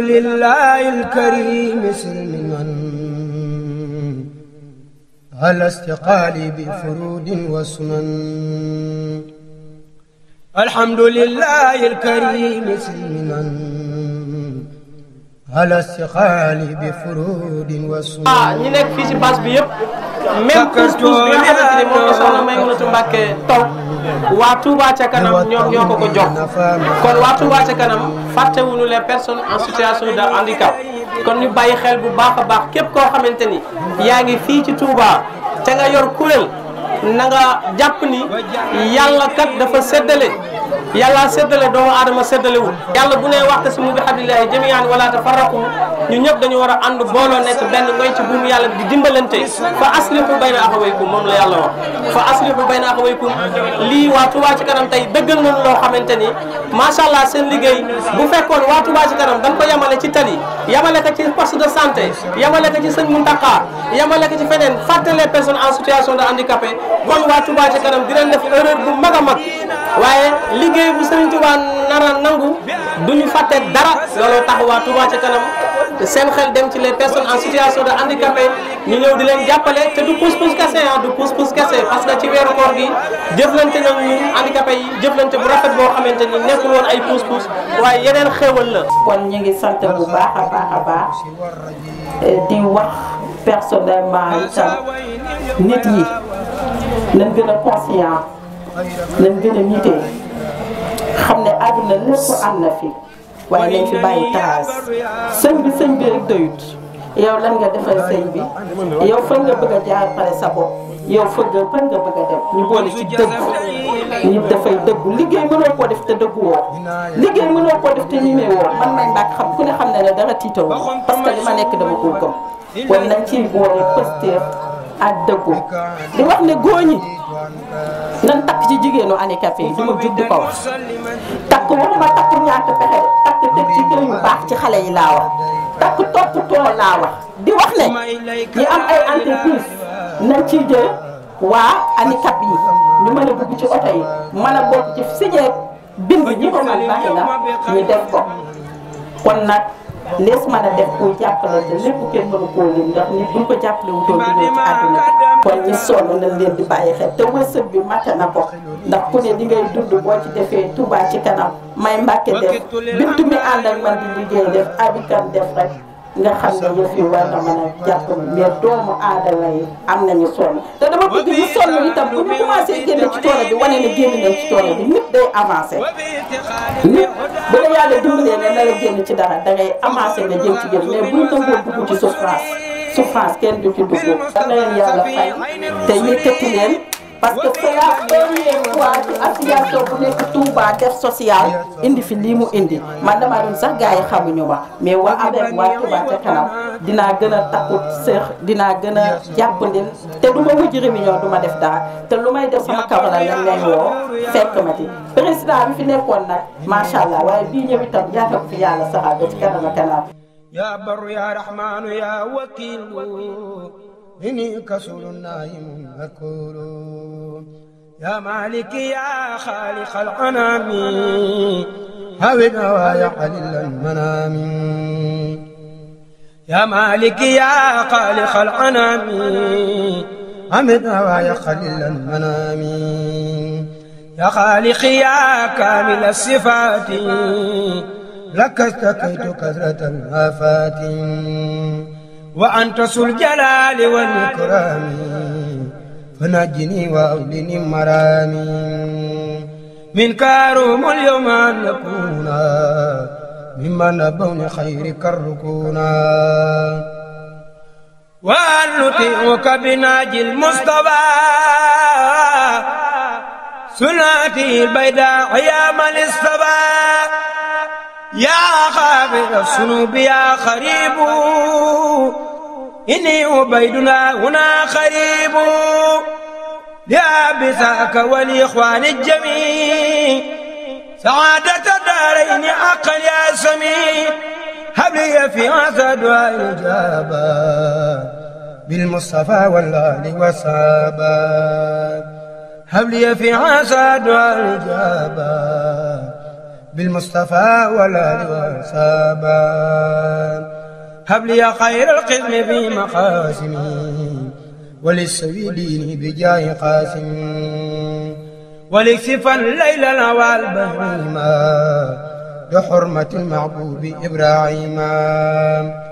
لله الكريم سلما على استقالي بفرود وسنن الحمد لله الكريم سلما على استقالي بفرود وسنن ñi nekk fii ci base bi yépp même pousse pousse bi nga xamante Mbàkke toog waa Touba ca kanam ñoom ñoo ko ko jox kon waa Touba ca kanam fàttewuñu les personnes en situation da handicap kon ñu bàyyi xel bu baax a baax képp koo xamante ni yaa ngi fii ci Touba te nga yor kuréel na nga jàpp ni yàlla kat dafa séddale yàlla séddale doomu aadama séddalewul yàlla bu ne waxta si mu bi hablillahi jami'an wala tafarraqu ñu ñëpp dañu war a ànd booloo nekk benn ngoy ci buumu yàlla di dimbalante fa aslihu bayna axawaykum moom la yàlla wax fa aslihu bayna axawaykum lii waa Touba ci kanam tey dëggal nañ loo xamante ni macha allah seen liggéey bu fekkoon waa Touba ci kanam dañ ko yemale ci tali yemale ko ci poste de santé yemale ko ci sëñ Mountakha yemale ko ci feneen fàtte les personnes en situation de handicapé kon waa Touba ci kanam dinañ def erreur a mag bu sëriñ Touba dara looloo tax waa Touba ci kanam seen xel dem ci les personne en situation de handicapé ñu ñëw di leen jàppale te du pousse-pousse kese ah du pousse-pousse kese parce que ci weeru koor gi jëflante nañ ñun handicapé yi jëflante bu rafet boo xamante ni nekkul woon ay pousse-pousse waaye yeneen xéewal la. kon ngi sant bu a baax a baax eh, di wax personnellement itam nit yi nañ gën a conscient nañ gën a nitee xam ne àdduna lépp am na fii waaye nañ ci bàyyi trace sëñ bi sëñ bi rek doyut yow lan nga defal sëñ bi yow fan nga bëgg a jaar pare sa bopp yow fëgg fan nga bëgg a dem ñu boole ci dëggu nit dafay dëggu liggéey mënoo koo def te dëggu woo liggéey mënoo koo def te ñimee woo man nañ ndaak xam ku ne xam ne ne dara tiitoo parce que li ma nekk dama koo gëm kon nañ ciy boole pësteef ak dëggu di wax ne góoñi nan takk ci jigéenu handicapé yi du ma jug di ko wax takk waxuma takk ñaata pexe ci xale yi laa wax takk toppatoo laa wax di wax ne ñi am ay entreprise nañ ciy jël waa handicap yi ñu mën a dugg ci oto yi mën a bokk ci signé bind ñi ko man baax na ñu def ko kon nag lees man a def kuy jàppale te lépp kenn mënu koo lim ndax nit buñ ko jàppale wutoo duñu ci àdduna kon ñi sonn nañ leen di bàyyi xel te wërsëg bi matt na ko ndax ku ne li ngay dund boo ci defee Touba ci kanam may Mbàkke def bintu mi ànd ak man di liggéey def abikan def rek nga xam ne yëf yi war na mën a jàpp mais doomu aadama yi am nañu sonn te dama bëgg ñu sonn itam bu ñu commencé génn ci tool bi wane ne génn nañ ci tool bi nit day avancé nit bu la yàlla dimbalee ne na la génn ci dara da ngay amassé nga jëm ci génn mais buñ tënkoon dugg ci souffrance souffrance kenn du ci dugg. dana leen yàlla fay te yëkkati leen. parce que c'est la première fois ci association bu nekk Touba def social indi fi lii mu indi man damaa doon sax gars yi xamuñu ma mais waa avec waa Touba ca kanam dinaa gën a takku seex dinaa gën a jàppandi te du ma wujj réunion du ma def dara te lu may def sama kawara lañ lay woo fekk ma ci président bi fi nekkoon nag macha allah waaye bii ñëw itam yàlla ko fi yàlla saxal ba ci kanam a kanam. إني كسول نائم مكول يا مالك يا خالق الأنام هو نوايا علل المنام يا مالك يا خالق الأنام أمد نوايا خليل المنام يا خالق يا كامل الصفات لك استكيت كثرة الآفات wa anta sul jalaali wal ikraami fa najjini wa awlini maraami min kaaruumul yawma an nakuuna mimman abawni xayri karrukuuna wa an nutiiuka bi naajil mustafaa sunnaati baydaa yaa man istafaa yaa xaafira sunub yaa xariibu inni ubayduna huna xariibu li abisaaka wa li ixwaani jamii saadata daarayni aqal yaa samii habliya fi asa duaa ijaaba bil mustafa wal aali wa saaba habliya fi asa duaa ijaaba بالمصطفى والآل والصحابة هب لي خير القسم في مقاسمي وللسوي ديني بجاه قاسمي ولكسفا ليلنا والبهيما بحرمة المحبوب إبراهيم